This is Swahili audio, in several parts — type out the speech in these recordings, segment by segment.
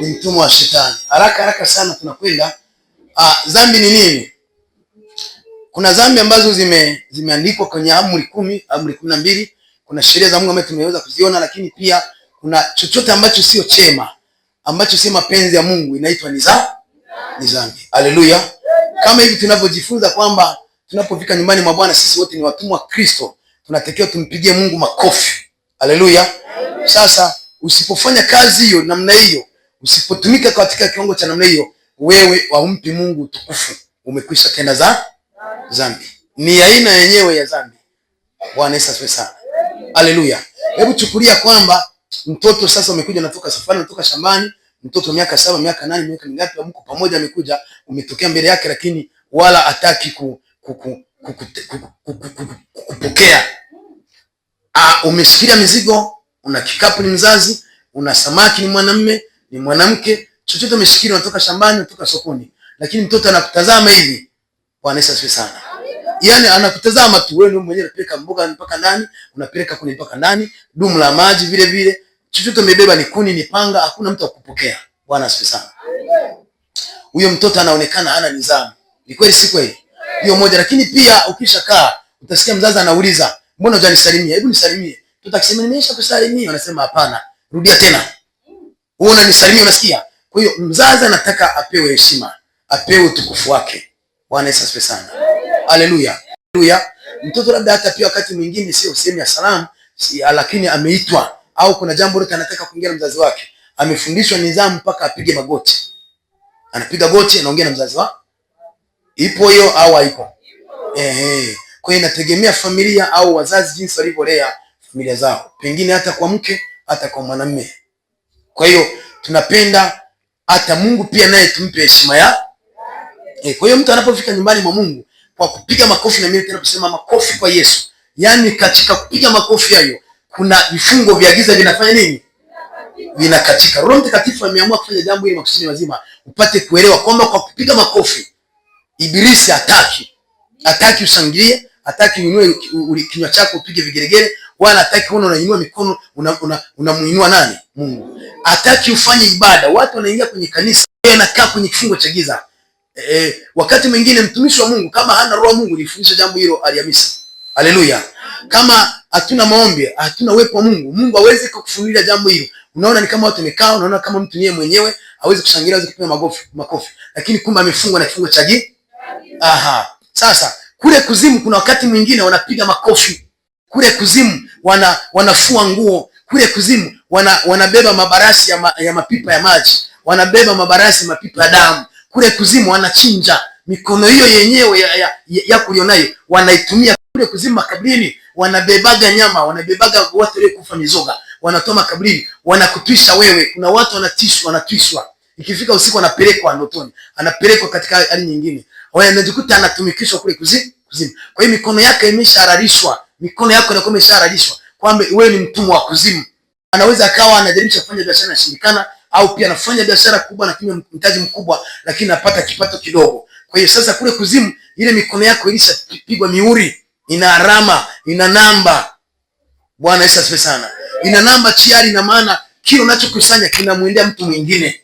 ni mtumwa wa shetani. Haraka haraka sana tunakwenda. Ah, dhambi ni nini? Kuna dhambi ambazo zime zimeandikwa kwenye amri kumi, amri kumi na mbili. Kuna sheria za Mungu ambazo tumeweza kuziona, lakini pia kuna chochote ambacho sio chema, ambacho si mapenzi ya Mungu, inaitwa ni za ni dhambi. Haleluya! Kama hivi tunavyojifunza kwamba tunapofika nyumbani mwa Bwana sisi wote ni watumwa wa Kristo, tunatakiwa tumpigie Mungu makofi. Haleluya! Sasa Usipofanya kazi hiyo namna hiyo, usipotumika katika kiwango cha namna hiyo, wewe waumpi Mungu utukufu, umekwisha tenda za dhambi, ni aina yenyewe ya dhambi. Bwana Yesu asifiwe sana, haleluya. Hebu chukulia kwamba mtoto sasa umekuja, natoka safari, natoka shambani, mtoto miaka saba, miaka nane, miaka mingapi, mko pamoja, amekuja, umetokea mbele yake, lakini wala hataki ku, ku, ku, ku, kupokea. Ah, umeshikilia mizigo, una kikapu, ni mzazi una samaki, ni mwanamme ni mwanamke, chochote umeshikilia, unatoka shambani, unatoka sokoni, lakini mtoto anakutazama hivi. Bwana Yesu asifiwe sana. Yani anakutazama tu, wewe mwenyewe unapeleka mboga mpaka ndani, unapeleka kuni mpaka ndani, dumu la maji vile vile, chochote umebeba, ni kuni, ni panga, hakuna mtu akupokea. Bwana asifiwe sana. Huyo mtoto anaonekana hana nidhamu. Ni kweli, si kweli? Hiyo moja, lakini pia ukishakaa utasikia mzazi anauliza, mbona hujanisalimia? Hebu nisalimie. Mtoto akisema nimesha kusalimia, anasema hapana rudia tena, wewe unanisalimia, unasikia? Kwa hiyo mzazi anataka apewe heshima, apewe utukufu wake. Bwana Yesu asifiwe sana, haleluya, haleluya. Mtoto labda hata pia wakati mwingine sio sehemu ya salamu, si, lakini ameitwa au kuna jambo lote anataka kuongea na mzazi wake, amefundishwa nidhamu mpaka apige magoti, anapiga goti, anaongea na mzazi wake. Ipo hiyo au haipo? Ehe, kwa hiyo inategemea familia au wazazi, jinsi walivyolea familia zao, pengine hata kwa mke hata kwa mwanamume. Kwa hiyo tunapenda hata Mungu pia naye tumpe heshima ya e. Kwa hiyo mtu anapofika nyumbani mwa Mungu kwa kupiga makofi, na mimi tena kusema makofi kwa Yesu, yaani katika kupiga makofi hayo kuna vifungo vya giza vinafanya nini? Vinakatika. Roho Mtakatifu ameamua kufanya jambo hili makusudi mazima, upate kuelewa kwamba kwa kupiga makofi Ibilisi hataki, hataki usangilie, hataki uinue kinywa chako upige vigeregere wala hataki uone unainua mikono unamuinua una, una nani Mungu. Hataki ufanye ibada. Watu wanaingia kwenye kanisa, yeye anakaa kwenye kifungo cha giza. E, wakati mwingine mtumishi wa Mungu kama hana roho Mungu, nifundishe jambo hilo Alhamisi. Haleluya. Kama hatuna maombi, hatuna uwepo wa Mungu, Mungu hawezi kukufunulia jambo hilo. Unaona ni kama watu wamekaa, unaona kama mtu yeye mwenyewe hawezi kushangilia, hawezi kupiga magofu, makofi. Lakini kumbe amefungwa na kifungo cha giza. Aha. Sasa kule kuzimu kuna wakati mwingine wanapiga makofi kule kuzimu wana, wanafua nguo kule kuzimu wana, wanabeba mabarasi ya, ma, ya mapipa ya maji wanabeba mabarasi mapipa ya damu kule kuzimu wanachinja. Mikono hiyo yenyewe ya, ya, ya kulionayo wanaitumia kule kuzimu. makabrini wanabebaga nyama, wanabebaga watu waliokufa mizoga, wanatoa makabrini wanakutwisha wewe. Kuna watu wanatishwa, wanatwishwa, ikifika usiku anapelekwa ndotoni, anapelekwa katika hali nyingine, anajikuta anatumikishwa kule kuzimu. Kwa hiyo mikono yake imeshahalalishwa mikono yako inakuwa imeshahalalishwa kwamba wewe ni mtumwa wa kuzimu. Anaweza akawa anajaribisha kufanya biashara na shirikana, au pia anafanya biashara kubwa na mtaji mkubwa, lakini anapata kipato kidogo. Kwa hiyo sasa kule kuzimu, ile mikono yako ilishapigwa mihuri, ina alama, ina namba. Bwana Yesu asifiwe sana. Ina namba chiari, ina maana kile unachokusanya kinamwendea mtu mwingine.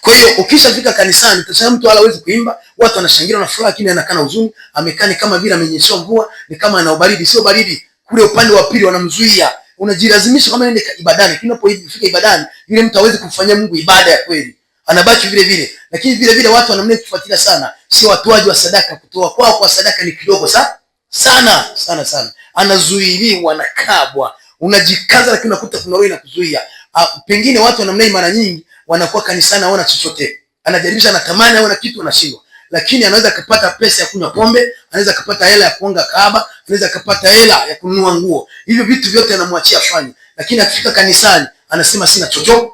Kwa hiyo ukishafika kanisani, utasema mtu wala hawezi kuimba, watu wanashangilia na furaha, lakini anakaa na huzuni, amekaa ni kama vile amenyeshewa mvua, ni kama ana ubaridi. Sio baridi, kule upande wa pili wanamzuia. Unajilazimisha kama nende ibadani, lakini unapofika ibadani, yule mtu hawezi kumfanyia Mungu ibada ya kweli, anabaki vile vile. Lakini vile vile watu wanamna kufuatilia sana, sio watoaji wa sadaka, kutoa kwao kwa sadaka ni kidogo sa? sana sana sana, anazuiliwa na kabwa. Unajikaza, lakini unakuta kuna roho inakuzuia. Ah, pengine watu wanamna mara nyingi wanakuwa kanisani hawana chochote, anajaribisha, na tamani awe na kitu, anashindwa. Lakini anaweza kupata pesa ya kunywa pombe, anaweza kupata hela ya kuonga kaaba, anaweza kupata hela ya kununua nguo. Hivyo vitu vyote anamwachia fanye, lakini akifika kanisani anasema sina chochote.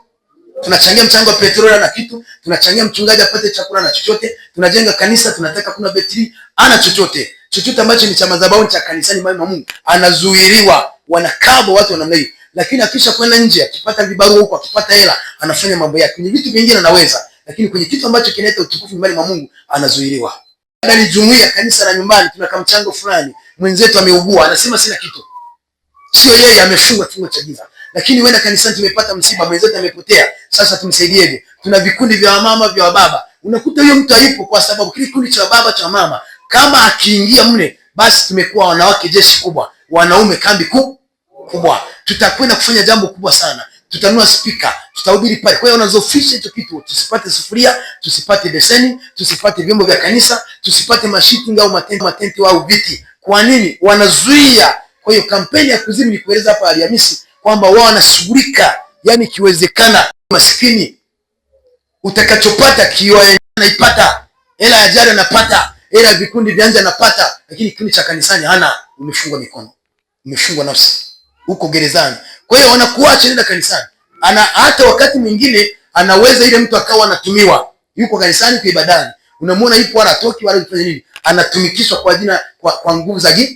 Tunachangia mchango wa petroli na kitu, tunachangia mchungaji apate chakula na chochote, tunajenga kanisa, tunataka kuna betri ana chochote chochote ambacho ni cha madhabahu cha kanisani, mama Mungu anazuiliwa, wanakaba watu wanamlei lakini akisha kwenda nje, akipata vibarua huko, akipata hela, anafanya mambo yake kwenye vitu vingine, anaweza lakini kwenye kitu ambacho kinaleta utukufu nyumbani mwa Mungu anazuiliwa. ni jumuiya, kanisa la nyumbani, tuna kamchango fulani, mwenzetu ameugua, anasema sina kitu. Sio yeye amefungwa kifungo cha giza, lakini wenda kanisani tumepata msiba, mwenzetu amepotea, sasa tumsaidieje? Tuna vikundi vya wamama, vya wababa. Unakuta huyo mtu haipo kwa sababu kile kikundi cha baba cha mama, kama akiingia mle, basi tumekuwa wanawake jeshi kubwa, wanaume kambi kubwa kubwa, tutakwenda kufanya jambo kubwa sana, tutanua spika, tutahubiri pale. Kwa hiyo unazofisha hicho kitu, tusipate sufuria, tusipate beseni, tusipate vyombo vya kanisa, tusipate mashitingi au matenti, matenti au viti. Kwa nini wanazuia? Kwa hiyo kampeni ya kuzimu ni kueleza hapa Alhamisi kwamba wao wanashughulika, yani ikiwezekana maskini utakachopata kiwa naipata hela ya jari anapata hela ya vikundi vyanja anapata, lakini kikundi cha kanisani hana. Umefungwa mikono, umefungwa nafsi huko gerezani. Kwa hiyo wanakuacha, nenda kanisani. Ana hata wakati mwingine anaweza ile mtu akawa anatumiwa, yuko kanisani kwa ibadani, unamwona yupo wala anatoki wala kufanya nini, anatumikishwa kwa jina kwa, kwa nguvu za giza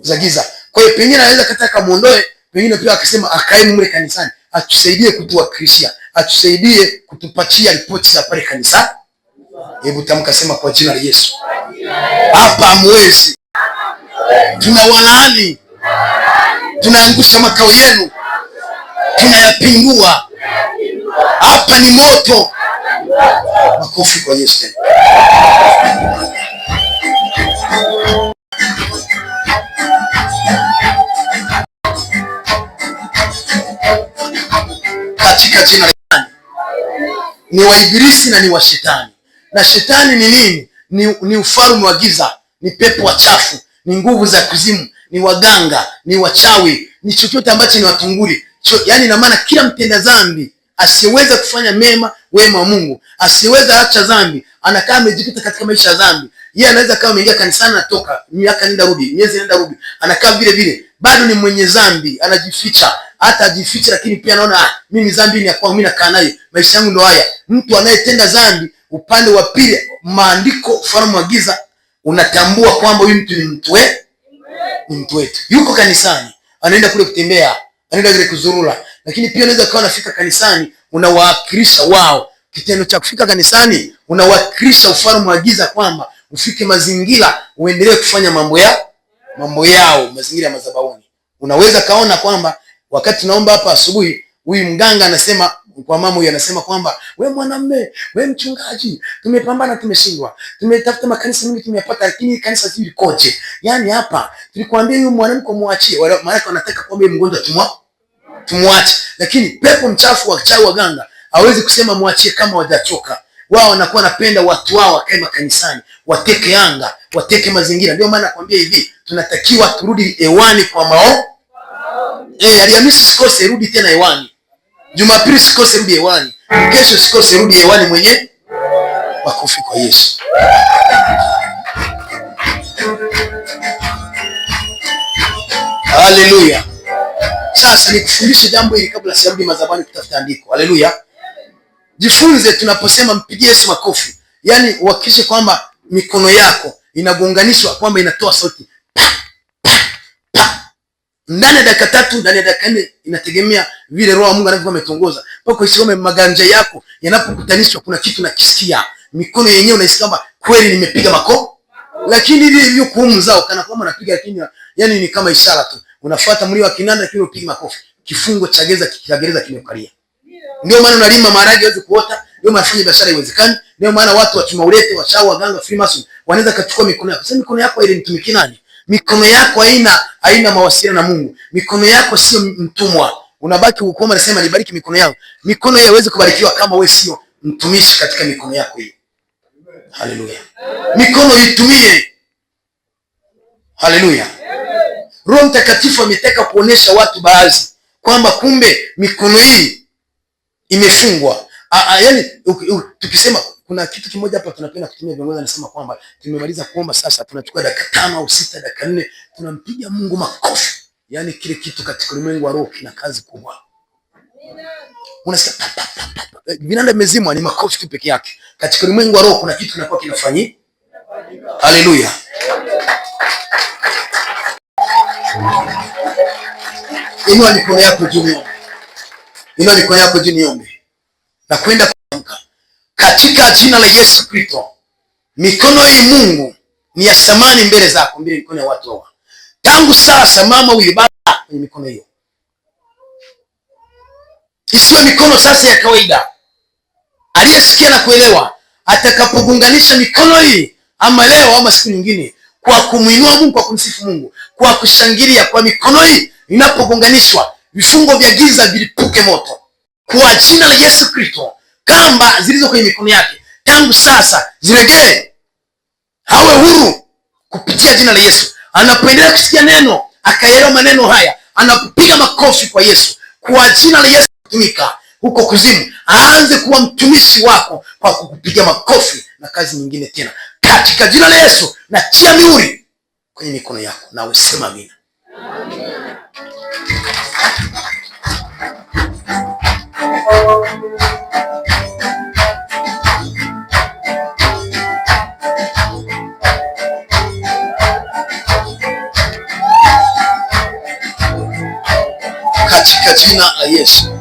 za giza. Kwa hiyo pengine anaweza kata akamuondoe, pengine pia akasema akae mle kanisani, atusaidie kutua atusaidie kutupatia ripoti za pale kanisa. Hebu tamka, sema kwa jina la Yesu, hapa hamwezi, tunawalaani tunaangusha makao yenu, tunayapingua Hapa ni moto. Makofi kwa Yesu. Katika jina la ni wa Ibilisi na ni wa Shetani. Na Shetani ni nini? Ni, ni ufalme wa giza, ni pepo wachafu, ni nguvu za kuzimu ni waganga, ni wachawi, ni chochote ambacho ni watunguli cho, yani ina maana kila mtenda dhambi asiyeweza kufanya mema wema wa Mungu, asiyeweza acha dhambi, anakaa amejikuta katika maisha ya dhambi. Yeye anaweza kama ameingia kanisani, natoka miaka nenda rudi, miezi nenda rudi, anakaa vile vile, bado ni mwenye dhambi, anajificha hata ajificha, lakini pia anaona ah, mimi dhambi ni ya kwangu, mimi nakaa naye, maisha yangu ndo haya. Mtu anayetenda dhambi, upande wa pili maandiko, ufalme wa unatambua kwamba huyu mtu ni mtu eh ni mtu wetu, yuko kanisani, anaenda kule kutembea, anaenda zile kuzurura, lakini pia anaweza kawa anafika kanisani, unawaakilisha wao. Kitendo cha kufika kanisani, unawaakilisha ufalme wa giza, kwamba ufike mazingira, uendelee kufanya mambo ya mambo yao, mazingira ya madhabahuni. Unaweza kaona kwamba wakati naomba hapa asubuhi, huyu mganga anasema kwa mama huyu anasema kwamba we mwanamme, we mchungaji, tumepambana tumeshindwa, tumetafuta makanisa mingi, tumeyapata, lakini kanisa hili likoje? Yani hapa tulikwambia huyu mwanamke muachie, maana wanataka kwamba mgonjwa tumwa tumwache, lakini pepo mchafu wa chawi waganga hawezi kusema mwachie kama wajachoka wao. Wanakuwa wanapenda watu wao wakae makanisani, wateke anga, wateke mazingira. Ndio maana nakwambia hivi, tunatakiwa turudi hewani kwa mao. Eh, Alhamisi sikose, rudi tena hewani Jumapili sikose rudi hewani, kesho sikose rudi hewani mwenye makofi kwa Yesu. Haleluya. Sasa nikufundishe jambo hili kabla siarudi madhabani kutafuta andiko. Haleluya. Jifunze tunaposema mpigie Yesu makofi, yaani uhakikishe kwamba mikono yako inagonganishwa kwamba inatoa sauti pa, pa, pa ndani ya dakika tatu, ndani ya dakika nne, inategemea vile roho ya Mungu anavyokuwa ametongoza. Pako isiome maganja yako yanapokutanishwa, kuna kitu nakisikia, mikono yenyewe unahisi kama kweli nimepiga mako, lakini ile hiyo kuumu zao kana kwamba napiga lakini yani ni kama ishara tu, unafuata mlio wa kinanda, lakini unapiga makofi. Kifungo cha gereza kikiagereza kimekalia, Ndio maana unalima maharage yote kuota, ndio maana fanya biashara iwezekani, ndio maana watu wa chuma ulete, wachao, waganga, Freemason wanaweza kachukua mikono yako. Sasa mikono yako ile nitumiki nani? Mikono yako haina haina mawasiliano na Mungu. Mikono yako sio mtumwa. Unabaki ukoma, nasema nibariki mikono yangu. Mikono hiyo haiwezi kubarikiwa kama wewe sio mtumishi katika mikono yako hiyo. Haleluya. Mikono itumie. Haleluya. Roho Mtakatifu ametaka kuonesha watu baadhi kwamba kumbe mikono hii imefungwa. Yaani tukisema kuna kitu kimoja hapa tunapenda kutumia viongozi, anasema kwamba tumemaliza kuomba, sasa tunachukua dakika tano au sita, dakika nne, tunampiga Mungu makofi. Yani kile kitu katika ulimwengu wa roho kina kazi kubwa. Unasikia eh, vinanda vimezimwa, ni makofi tu peke yake. Katika ulimwengu wa roho kuna kitu kinakuwa kinafanyika. Haleluya! Inua mikono yako juu, inua mikono yako juu, niombe na kwenda katika jina la Yesu Kristo, mikono ya Mungu ni ya thamani mbele zako, mbele mikono ya watu hawa. Tangu sasa, mama baba kwenye mikono hiyo, isiwe mikono sasa ya kawaida. Aliyesikia na kuelewa atakapogunganisha mikono hii ama leo ama siku nyingine, kwa kumwinua Mungu, kwa kumsifu Mungu, kwa kushangilia, kwa mikono hii inapogunganishwa, vifungo vya giza vilipuke moto kwa jina la Yesu Kristo kamba zilizo kwenye mikono yake tangu sasa zilegee, awe huru kupitia jina la Yesu. Anapoendelea kusikia neno akaelewa maneno haya, anapopiga makofi kwa Yesu, kwa jina la Yesu kutumika huko kuzimu, aanze kuwa mtumishi wako kwa kukupiga makofi na kazi nyingine tena, katika jina la Yesu. Nachia mihuri kwenye mikono yako, nawe sema amina. jina la Yesu.